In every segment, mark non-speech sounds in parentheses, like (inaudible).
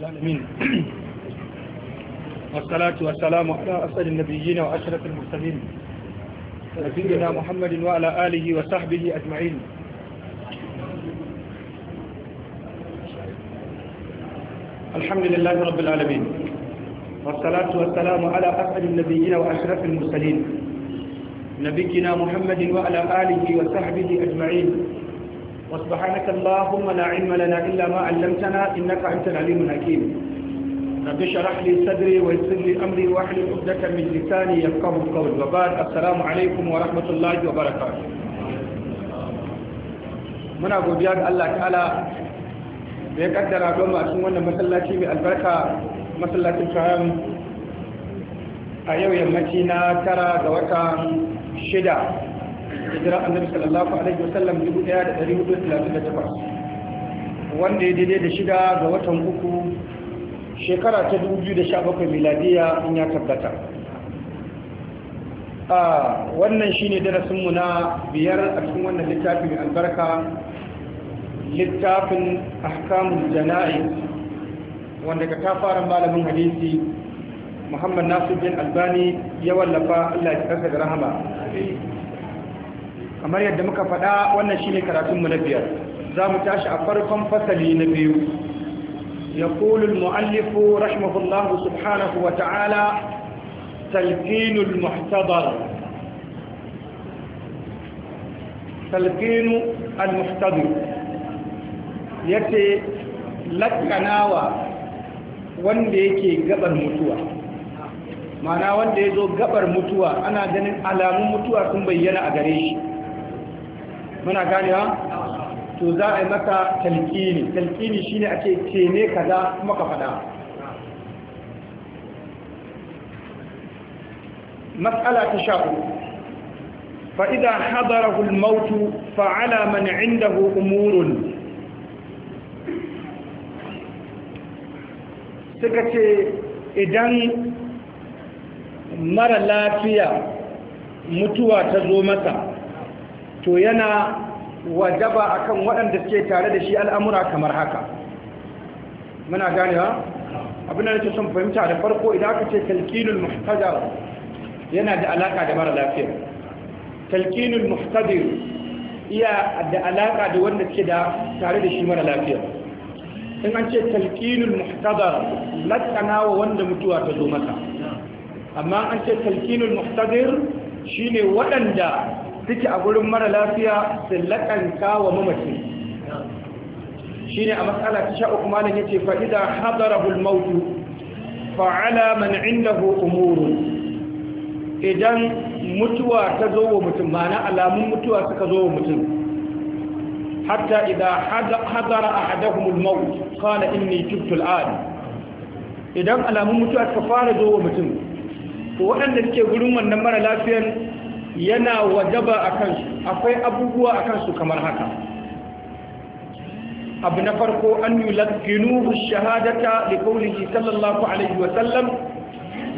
العالمين (clears throat) والصلاة والسلام على أسأل النبيين وأشرف المرسلين نبينا محمد وعلى آله وصحبه أجمعين الحمد لله رب العالمين والصلاة والسلام على أسأل النبيين وأشرف المرسلين نبينا محمد وعلى آله وصحبه أجمعين وسبحانك اللهم لا علم لنا إلا ما علمتنا إنك أنت العليم الحكيم رب اشرح لي صدري ويسر لي أمري واحلل عقدة من لساني يفقه القول وبعد السلام عليكم ورحمة الله وبركاته muna godiya ga Allah ta'ala da ya kaddara don masu wannan masallaci mai albarka masallacin kayan a yau yammaci na tara ga wata shida hijira annabi sallallahu alaihi wasallam 1438 wanda ya daidai da shida ga watan uku shekara ta dubu biyu da sha 2017 miladiya in ya tabbata a wannan shine darasinmu na biyar a cikin wannan littafin albarka littafin ahkamul jana'i wanda ka tafarin malamin hadisi muhammad nasir bin albani ya wallafa allah ya kasa da rahama kamar yadda muka faɗa wannan shine karatun mu na biyar za mu tashi a farkon fasali na biyu يقول mu'allifu رحمه subhanahu wa ta'ala تلقين المحتضر تلقين المحتضر يتي لكناوى wanda yake gabar mutuwa mana wanda ya zo gabar mutuwa ana ganin alamun mutuwa sun bayyana a gare shi muna ganewa to za a yi maka talqini talqini shine a ce ce ne kaza kuma ka faɗa mas'ala ta sha fa'ida fa hulmautu hadarahu al-maut fa suka ce idan mara lafiya mutuwa ta zo masa to yana wadaba akan waɗanda suke tare da shi al'amura kamar haka muna ganewa abin da nake son fahimta da farko idan aka ce talqinul muhtajar yana da alaƙa da mara lafiya talqinul muhtadir iya da alaƙa da wanda suke da tare da shi mara lafiya in an ce talqinul muhtadar latsana wa wanda mutuwa ta zo masa amma an ce talqinul shi shine waɗanda suke a gurin mara lafiya su laƙanta wa mamaci shi ne a matsala ta sha uku malam yace fa idan hadarahul mautu fa ala man indahu idan mutuwa ta zo wa mutum mana alamun mutuwa suka zo wa mutum hatta idan hadara a ahadahumul maut qala inni tubtu al'ad idan alamun mutuwa suka fara zo wa mutum waɗanda suke gurin wannan mara lafiyan yana wajaba a kansu akwai abubuwa a kansu kamar haka abu na farko an yi lafkinuhu shahadata da kaulihi sallallahu alaihi wasallam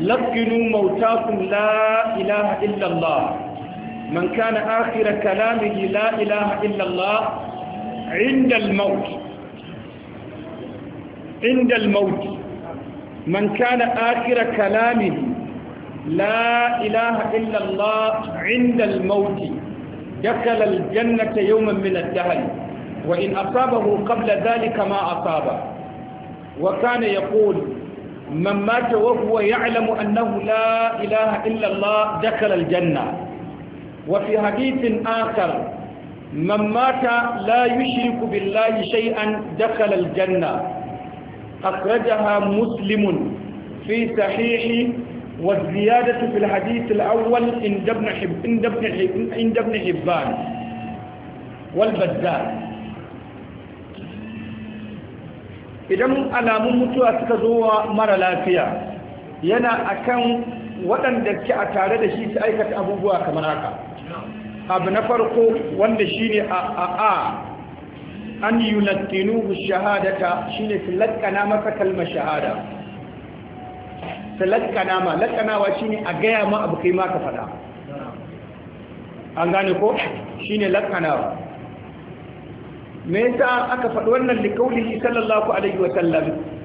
lafkinu mautakun la ilaha illallah man kana akira kalamihi la ilaha illallah indal mauti indal mauti من كان آخر كلامه لا إله إلا الله عند الموت دخل الجنة يوما من الدهر وإن أصابه قبل ذلك ما أصابه وكان يقول من مات وهو يعلم أنه لا إله إلا الله دخل الجنة وفي حديث آخر من مات لا يشرك بالله شيئا دخل الجنة أخرجها مسلم في صحيح والزيادة في الحديث الأول عند ابن حب عند ابن حب عند ابن حبان والبزار idan alamun mutuwa suka zo wa mara lafiya yana akan waɗanda ke a tare da shi su aikata abubuwa kamar haka abu na farko wanda shine a a an yunattinuhu shahadata shine su lakkana masa kalmar shahada ta lakana ma lakanawa shine a gaya ma abu kai ma ka faɗa an gane ko shine lakanawa me yasa aka faɗi wannan likaulihi sallallahu alaihi wa sallam